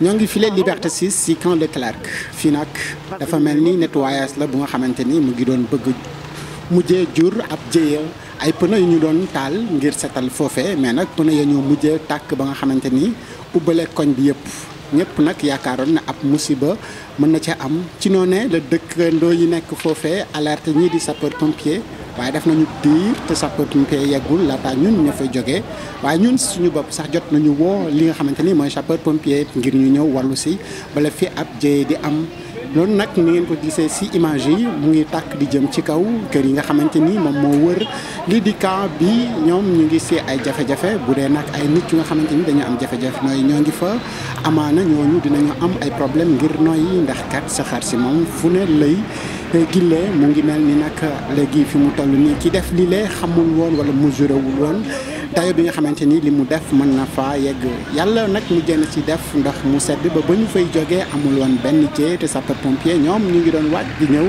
ñoo ngi file Liberté 6 ci camp de Clark fii nag dafa mel ni nettoyage la bu nga xamante ni mu ngi doon bëgg mujjee jur ab jéeya ay pneu yu ñu doon taal ngir setal foofe mais nag pneu ya ñoo mujjee tàkk ba nga xamante ni ubbale koñ bi yëpp ñëpp nag yaakaaroon na ab musiba mën na ca am ci noonee la dëkkandoo yi nekk foofe alerte ñii di sapeur pompier. waaye def nañu diir te sapeurs-pompiers yeggul laata ñun ñoo fay jógee waaye ñun suñu bopp sax jot nañu woo li nga xamante ni mooy sapeurs-pompiers ngir ñu ñëw wallu si bala fi ab jëye di am. loolu nag ni ngeen ko gisee si image yi mu ngi tàkk di jëm ci kaw kër yi nga xamante ni moom moo wër lii di camp bi ñoom ñu ngi see ay jafe-jafe bu dee nag ay nit yu nga xamante ni dañu am jafe-jafe nooy ñoo ngi fa amaana ñooñu dinañu am ay problème ngir nooy ndax kat saxaar si moom fu ne lay Guilé mu ngi mel ni nag léegi fi mu toll nii ci def lii lee xamul woon wala mesuré wul woon dayo bi nga xamante ni li mu def mën na fa yegg yàlla nag mu jënd ci def ndox mu sedd ba ba ñu fay jógee amul woon benn jee te sapeur pompier ñoom ñu ngi doon waaj di ñëw.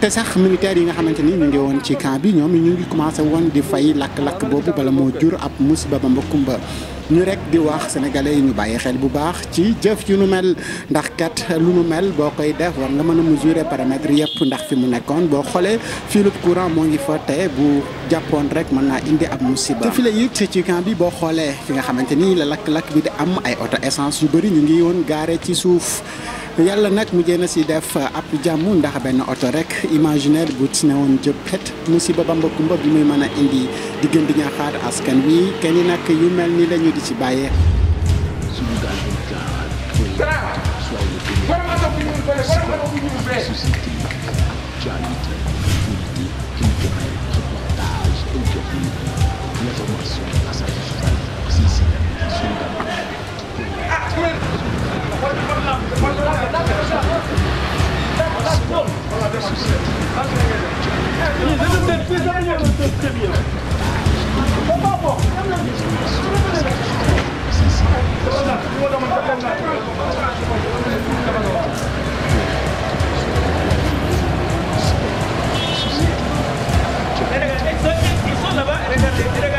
te sax militaires yi nga xamante ni ñu ngi woon ci camp bi ñoom ñu ngi commencé woon di fay lakk-lakk boobu bala moo jur ab musiba ba mbakumba ñu rek di wax sénégalais yi ñu bàyyi xel bu baax ci jëf yu nu mel ndax kat lu nu mel boo koy def war nga mën a mesurer paramètres yëpp ndax fi mu nekkoon boo xoolee filub courant moo ngi fa te bu jàppoon rek mën naa indi ab musiba te fi la it ci camp bi boo xoolee fi nga xamante ni la lakk-lakk bi di am ay oto essence bëri ñu ngi woon gaare ci suuf yàlla nag mujjee na ci def ab jàmm ndax benn oto rek imaginaire bu ci newoon jëp xet musiba bamba kumba bi muy mën a indi diggante ñaaxaar askan wi kenn nag yu mel ni la di ci bàyyee. Специально вот тут тебе. Попапо! Regardez, ils sont là-bas, regardez, regardez.